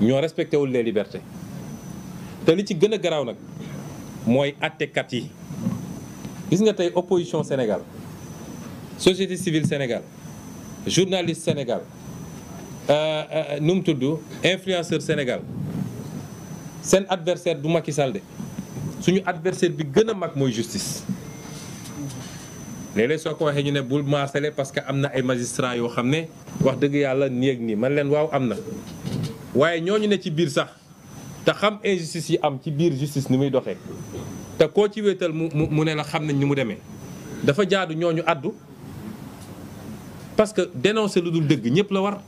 ñoo respecté wul les libertés te li ci gën a garaaw nag mooy attekat yi gis nga tey opposition Sénégal société civile Sénégal journaliste Sénégal euh, euh, nu mu tudd influenceur Sénégal seen adversaire du Macky Sall de suñu adversaire bi gën a mag mooy justice léeg-léeg soo ko waxee ñu ne bul maasale parce que am na ay magistrats yoo xam ne wax dëgg yàlla nii ak nii man leen waaw am na waaye ñoo ñu ne ci biir sax te xam injustice yi am ci biir justice ni muy doxee te koo ci wéetal mu mu ne la xam nañ ni mu demee dafa jaadu ñooñu addu parce que dénoncer lu dul dégg ñëpp la war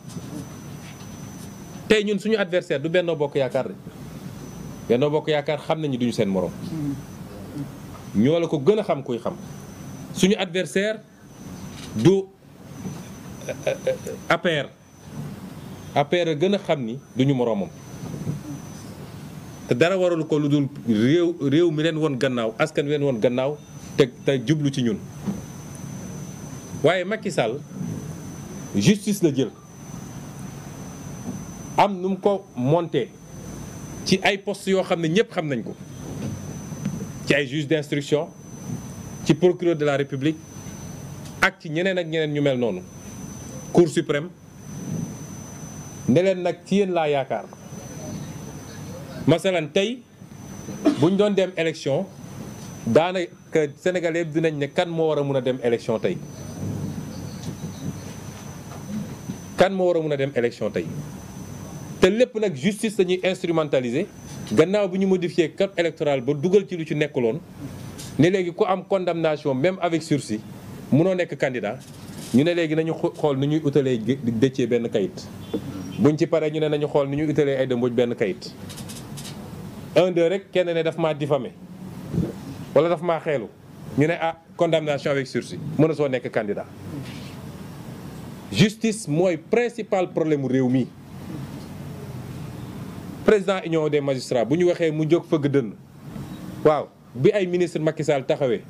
tey ñun suñu adversaire du bennoo Bokk Yaakaar de Benno Yaakaar xam nañu duñu seen morom ñoo la ko gën a xam kuy xam suñu adversaire du euh, euh, euh, APR APR a gën a xam ni duñu moroomam te dara waralu ko lu dul réew réew mi leen woon gannaaw askan wi leen woon gannaaw te jublu ci ñun waaye Macky Sall justice la jël am nu mu ko monté ci ay postes yoo xam ne ñëpp xam nañ ko ci ay juge d'instruction ci procureur de la République ak ci ñeneen ak ñeneen ñu mel noonu Cour suprême neleen nag ci yéen laa yaakaar masalan tey buñ doon dem élection daanaka sénégalais dinañ ne kan moo war a mun a dem élection tey kan moo war a mun a dem élection tey te lépp nag justice dañuy instrumentaliser gannaaw bi ñu modifié code électoral ba dugal ci lu ci nekkuloon ne léegi ku am condamnation même avec sursis munoo nekk candidat ñu ne léegi nañu xool nu ñuy utalee déccee benn kayit buñ ci paree ñu ne nañu xool ni ñu utalee ay dëmbuj benn kayit un rek kenn ne daf maa diffamé wala daf maa xeelu ñu ne ah condamnation avec sursis mën a soo nekk candidat justice mooy principal problème mu réew mi président union des magistrats bu ñu waxee mu jóg fëgg dënn waaw bi ay ministre Macky Sall taxawee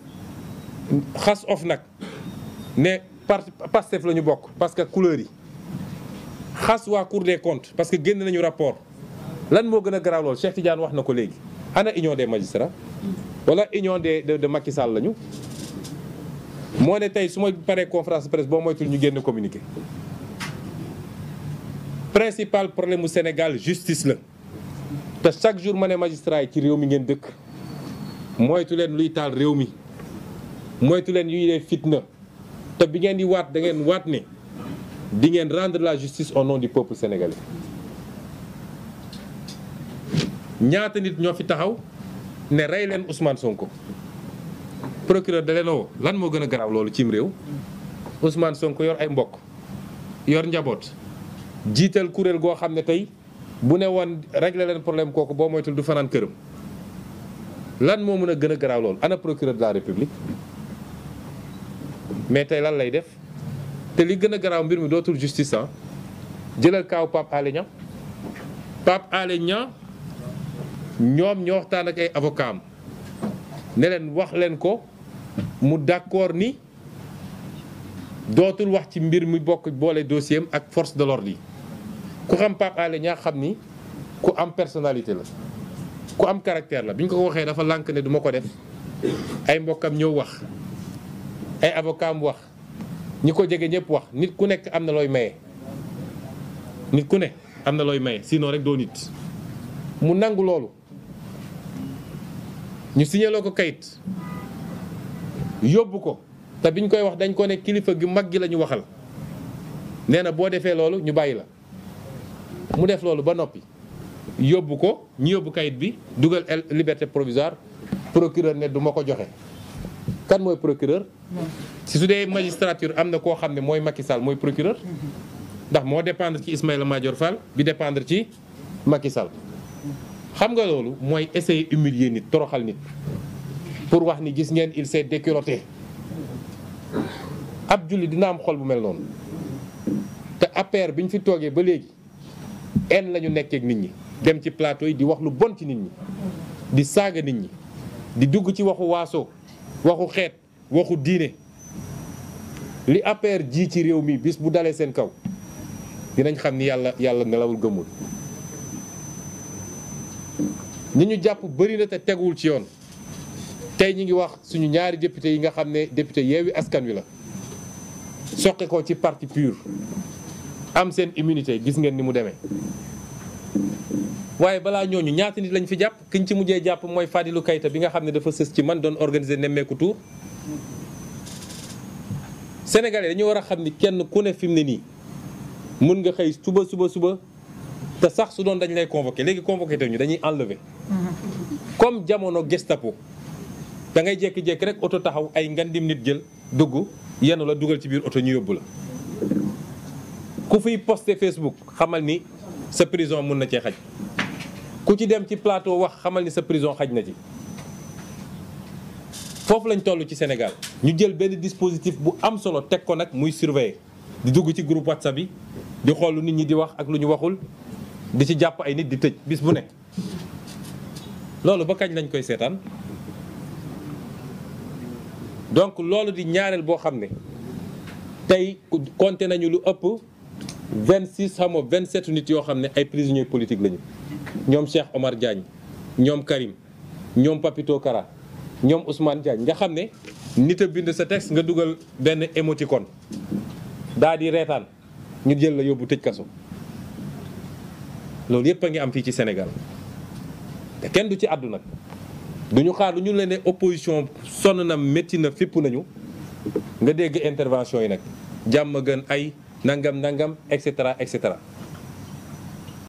xas of nag ne parti Pastef la ñu bokk parce que couleur yi xas waa cour des comptes parce que génn nañu rapport lan moo gën a garaaw lool Cheikh Tidiane wax na ko léegi ana union des magistrats wala union des de Macky Sall lañu moo ne tey su ma paree conférence de presse boo moytul ñu génn communiqué principal problème mu Sénégal justice la te chaque jour ma ne magistra yi ci réew mi ngeen dëkk moytu leen luy taal réew mi moytu leen yuy dee fitna te bi ngeen di waat da ngeen waat ne dingeen rendre la justice au non du peuple sénégalais ñaata nit ñoo fi taxaw ne rey leen Ousmane Sonko procureur da leen lan moo gën a garaaw loolu cim réew Ousmane Sonko yor ay mbokk yor njaboot jiital kuréel goo xam ne tey bu ne woon régler leen problème kooku boo moytul du fanaan këram lan moo mën a gën a garaaw loolu ana procureur de la république mais tey lan lay def. te li gën a garaaw mbir mi dootul justice ah jëlal kaaw Pape ña Niang Pape ñoom ñoo waxtaan ak ay avocat am ne leen wax leen ko mu d'accord ni dootul wax ci mbir mi bokk boole dossier am ak force de l'ordre yi ku xam Pape Alé Niang xam ni ku am personnalité la ku am caractère la bi ñu ko waxee dafa lànk ne duma ko def ay mbokkam ñëw wax ay avocat am wax ñi ko jege ñëpp wax nit ku nekk am na looy maye nit ku ne am na looy maye sinon rek doo nit mu nangu loolu ñu signaloo ko kayit yóbbu ko te biñ koy wax dañ ko ne kilifa gi mag gi la ñu waxal nee na boo defee loolu ñu bàyyi la mu def loolu ba noppi yóbbu ko ñu yóbbu kayit bi dugal liberté provisoire procureur ne du ma ko joxe kan mooy procureur si su dee magistrature am na koo xam ne mooy Macky mooy procureur ndax moo dépendre ci Ismaïla major Fall bi dépendre ci Macky xam nga loolu mooy essayer humilier nit toroxal nit pour wax ni gis ngeen il s'est déculotté ab julli dina am xol bu mel noonu te APR bi ñu fi toogee ba léegi en lañu ñu nekkee nit ñi dem ci plateau yi di wax lu bon ci nit ñi di saaga nit ñi di dugg ci waxu waaso waxu xeet waxu diine li APR jii ci réew mi bis bu dalee seen kaw dinañ xam ni yàlla yàlla nelawul gëmul ñu ñu jàpp bëri na te teguwul ci yoon tey ñi ngi wax suñu ñaari député yi nga xam ne député yeewi askan wi la soqe ko ci parti pur am seen immunité gis ngeen ni mu demee waaye balaa ñooñu ñaata nit lañ fi jàpp kiñ ci mujjee jàpp mooy Fadilou Keita bi nga xam ne dafa sës ci man doon organiser nemmeeku tour Sénégalais dañu war a xam ni kenn ku ne fi ne nii mën nga xëy suba suba suba te sax su doon dañ lay convoqué léegi convoqué te ñu dañuy enlever. comme jamono gestapo dangay ngay jékki-jékki rek oto taxaw ay ngandim nit jël dugg yenn la dugal ci biir oto ñu yóbbu la ku fiy posté Facebook xamal ni. sa prison mun na cee xaj ku ci dem ci plateau wax xamal ni sa prison xaj na ci foofu lañ toll ci Sénégal ñu jël benn dispositif bu am solo teg ko nag muy surveiller di dugg ci groupe WhatsApp bi di xool lu nit ñi di wax ak lu ñu waxul di ci jàpp ay nit di tëj bis bu nekk loolu ba kañ lañ koy seetaan donc loolu di ñaareel boo xam ne tey compté nañu lu ëpp 26 xam nga 27 nit yoo xam ne ay prisonniers politiques lañu ñoom Cheikh Omar Diagne ñoom Karim ñoom Papito Kara ñoom Ousmane Diagne nga xam ne nit a bind sa texte nga dugal benn émoticône daal di reetaan ñu jël la yóbbu tëj kaso loolu yëpp a ngi am fii ci senegal te kenn du ci àddu nag du ñu xaar lu ñu leen opposition sonn na métti na fipp nañu nga dégg intervention yi nag jàmm gën ay. nangam nangam et cetera et cetera